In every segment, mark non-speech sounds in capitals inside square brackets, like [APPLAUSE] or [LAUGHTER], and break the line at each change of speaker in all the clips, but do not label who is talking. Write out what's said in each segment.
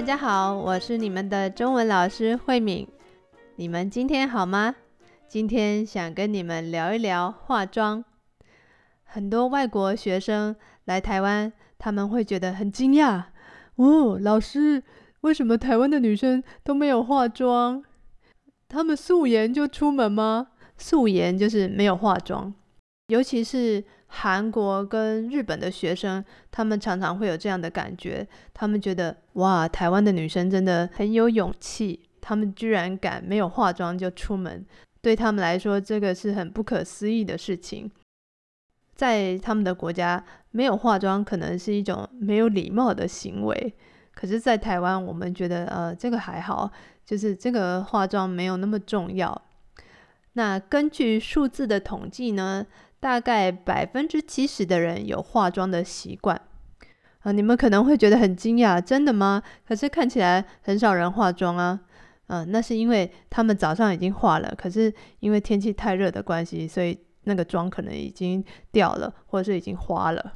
大家好，我是你們的中文老師慧敏。你們今天好嗎？今天想跟你們聊一聊化妝。很多外國學生來台灣，他們會覺得很驚訝，哦，老師，為什麼台灣的女生都沒有化妝？她們素顏就出門嗎？素顏就是沒有化妝。尤其是韓國跟日本的學生，他們常常會有這樣的感覺，他們覺得，哇，台灣的女生真的很有勇氣，他們居然敢沒有化妝就出門，對他們來說，這個是很不可思議的事情。在他們的國家，沒有化妝可能是一種沒有禮貌的行為，可是，在台灣，我們覺得，呃，這個還好，就是這個化妝沒有那麼重要。那根據數字的統計呢？大概百分之七十的人有化妝的習慣啊、呃，你們可能會覺得很驚訝，真的嗎？可是看起來很少人化妝啊，嗯、呃，那是因為他們早上已經化了，可是因為天氣太熱的關係，所以那個妝可能已經掉了，或者是已經花了。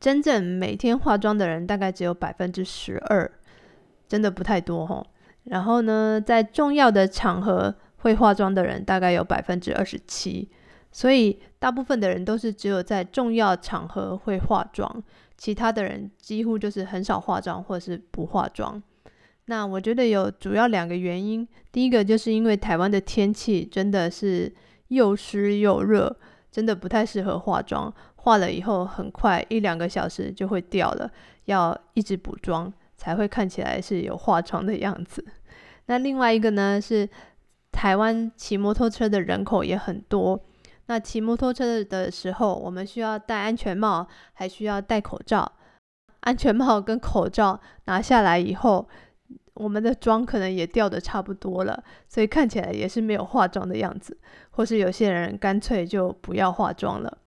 真正每天化妝的人大概只有百分之十二，真的不太多哈。然後呢，在重要的場合會化妝的人大概有百分之二十七。所以大部分的人都是只有在重要場合會化妝，其他的人幾乎就是很少化妝或者是不化妝。那我覺得有主要兩個原因，第一個就是因為台灣的天氣真的是又濕又熱，真的不太適合化妝，化了以後很快一兩個小時就會掉了，要一直補妝才會看起來是有化妝的樣子。那另外一個呢是台灣騎摩托車的人口也很多。那騎摩托車的時候，我們需要戴安全帽，還需要戴口罩。安全帽跟口罩拿下來以後，我們的妝可能也掉得差不多了，所以看起來也是沒有化妝的樣子。或是有些人乾脆就不要化妝了。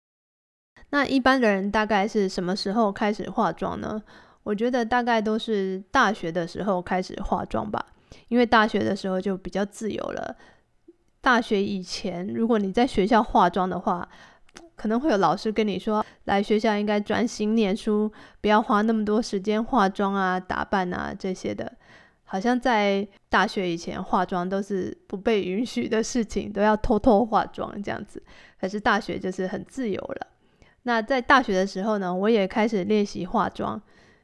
那一般的人大概是什麼時候開始化妝呢？我覺得大概都是大學的時候開始化妝吧，因為大學的時候就比較自由了。大學以前，如果你在學校化妝的話，可能會有老師跟你說，來學校應該專心念書，不要花那麼多時間化妝啊、打扮啊這些的。好像在大學以前，化妝都是不被允許的事情，都要偷偷化妝這樣子。可是大學就是很自由了。那在大學的時候呢，我也開始練習化妝，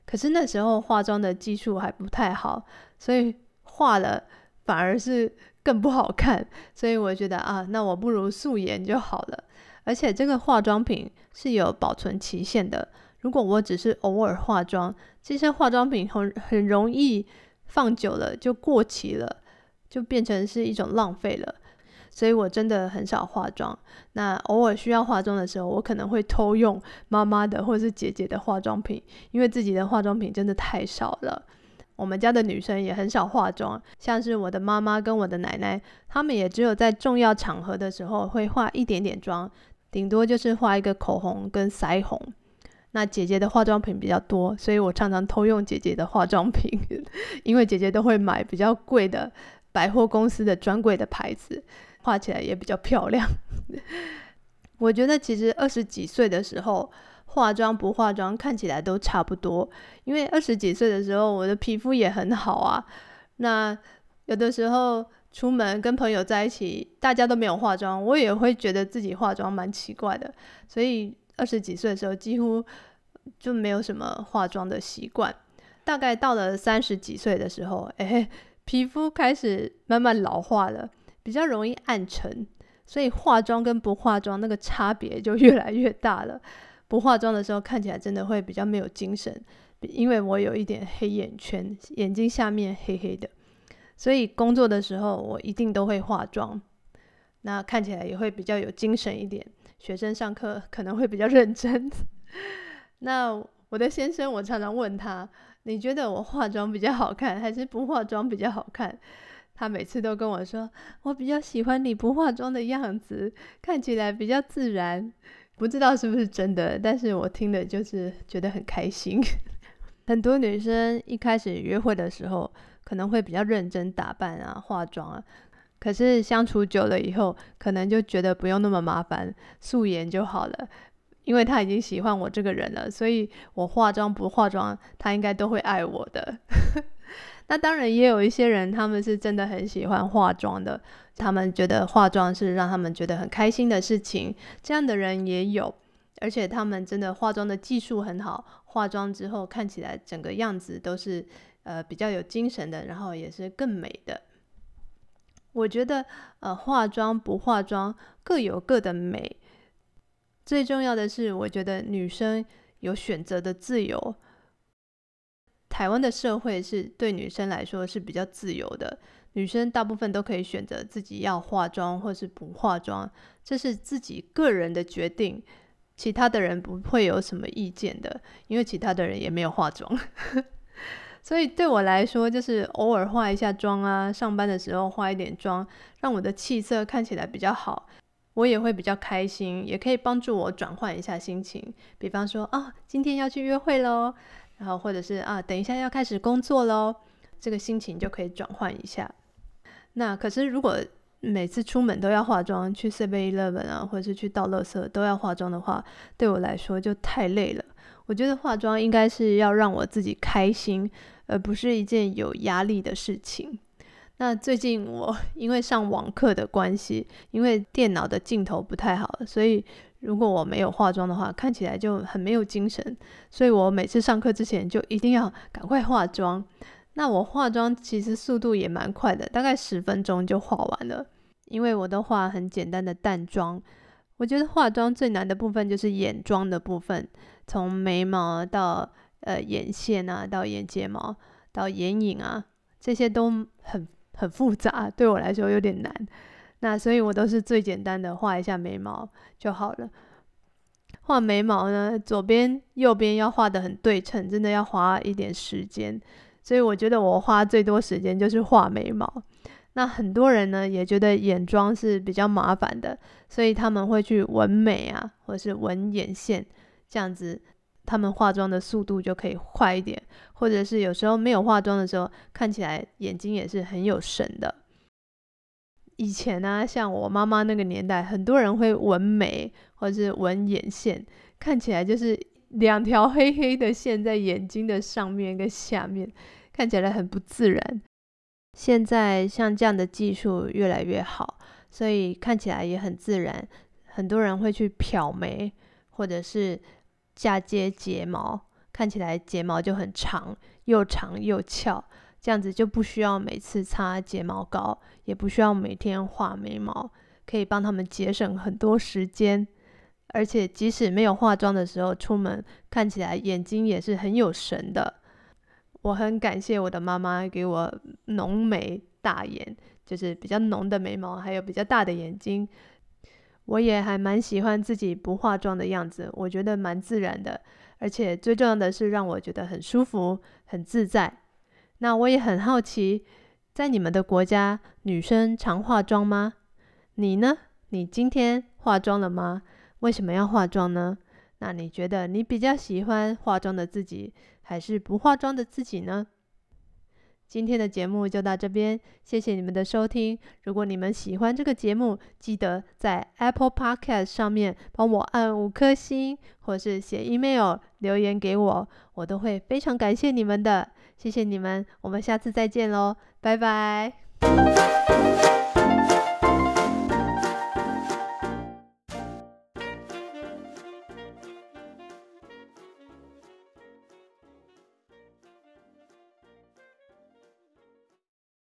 可是那時候化妝的技術還不太好，所以化了。反而是更不好看，所以我覺得啊，那我不如素顏就好了。而且這個化妝品是有保存期限的，如果我只是偶爾化妝，這些化妝品很很容易放久了就過期了，就變成是一種浪費了。所以我真的很少化妝。那偶爾需要化妝的時候，我可能會偷用媽媽的或者是姐姐的化妝品，因為自己的化妝品真的太少了。我們家的女生也很少化妝，像是我的媽媽跟我的奶奶，她們也只有在重要場合的時候會化一點點妝，頂多就是畫一個口紅跟腮紅。那姐姐的化妝品比較多，所以我常常偷用姐姐的化妝品，因為姐姐都會買比較貴的百貨公司的專櫃的牌子，畫起來也比較漂亮。我覺得其實二十幾歲的時候，化妝不化妝看起來都差不多，因為二十幾歲的時候我的皮膚也很好啊。那有的時候出門跟朋友在一起，大家都沒有化妝，我也會覺得自己化妝蠻奇怪的。所以二十幾歲的時候幾乎就沒有什麼化妝的習慣。大概到了三十幾歲的時候，誒、哎，皮膚開始慢慢老化了，比較容易暗沉，所以化妝跟不化妝那個差別就越來越大了。不化妝的時候看起來真的會比較沒有精神，因為我有一點黑眼圈，眼睛下面黑黑的，所以工作的時候我一定都會化妝，那看起來也會比較有精神一點。學生上課可能會比較認真。 [LAUGHS] 那我的先生，我常常問他，你覺得我化妝比較好看，還是不化妝比較好看？他每次都跟我說，我比較喜歡你不化妝的樣子，看起來比較自然。不知道是不是真的，但是我聽的就是覺得很開心。 [LAUGHS] 很多女生一開始約會的時候，可能會比較認真打扮啊、化妝啊，可是相處久了以後，可能就覺得不用那麼麻煩，素顏就好了。因為他已經喜歡我這個人了，所以我化妝不化妝，他應該都會愛我的。 [LAUGHS] 那當然也有一些人，他們是真的很喜歡化妝的，他們覺得化妝是讓他們覺得很開心的事情。這樣的人也有，而且他們真的化妝的技術很好，化妝之後看起來整個樣子都是呃比較有精神的，然後也是更美的。我覺得呃化妝不化妝各有各的美，最重要的是我覺得女生有選擇的自由。台灣的社會是對女生來說是比較自由的，女生大部分都可以選擇自己要化妝或是不化妝，這是自己個人的決定，其他的人不會有什麼意見的，因為其他的人也沒有化妝。 [LAUGHS] 所以對我來說，就是偶爾化一下妝啊，上班的時候化一點妝，讓我的氣色看起來比較好，我也會比較開心，也可以幫助我轉換一下心情。比方說，哦，今天要去約會嘍。好，或者是啊，等一下要開始工作嘍，這個心情就可以轉換一下。那可是如果每次出門都要化妝，去7-11啊，或者是去倒垃圾都要化妝的話，對我來說就太累了。我覺得化妝應該是要讓我自己開心，而不是一件有壓力的事情。那最近我因為上網課的關係，因為電腦的鏡頭不太好，所以。如果我沒有化妝的話，看起來就很沒有精神，所以我每次上課之前就一定要趕快化妝。那我化妝其實速度也蠻快的，大概十分鐘就化完了，因為我都化很簡單的淡妝。我覺得化妝最難的部分就是眼妝的部分，從眉毛到呃眼線啊，到眼睫毛，到眼影啊，這些都很很複雜，對我來說有點難。那所以，我都是最簡單的畫一下眉毛就好了。畫眉毛呢，左邊右邊要畫得很對稱，真的要花一點時間。所以我覺得我花最多時間就是畫眉毛。那很多人呢也覺得眼妝是比較麻煩的，所以他們會去紋眉啊，或者是紋眼線，這樣子他們化妝的速度就可以快一點。或者是有時候沒有化妝的時候，看起來眼睛也是很有神的。以前呢、啊，像我媽媽那個年代，很多人會紋眉或者是紋眼線，看起來就是兩條黑黑的線在眼睛的上面跟下面，看起來很不自然。現在像這樣的技術越來越好，所以看起來也很自然。很多人會去漂眉或者是嫁接睫毛，看起來睫毛就很長，又長又翹。這樣子就不需要每次擦睫毛膏，也不需要每天畫眉毛，可以幫他們節省很多時間。而且即使沒有化妝的時候出門，看起來眼睛也是很有神的。我很感謝我的媽媽給我濃眉大眼，就是比較濃的眉毛，還有比較大的眼睛。我也還蠻喜歡自己不化妝的樣子，我覺得蠻自然的。而且最重要的是讓我覺得很舒服、很自在。那我也很好奇，在你們的國家，女生常化妝嗎？你呢？你今天化妝了嗎？為什麼要化妝呢？那你覺得你比較喜歡化妝的自己，還是不化妝的自己呢？今天的節目就到這邊，謝謝你們的收聽。如果你們喜歡這個節目，記得在 Apple Podcast 上面幫我按五顆星，或是寫 email 留言給我，我都會非常感謝你們的。謝謝你們，我們下次再見嘍，拜拜。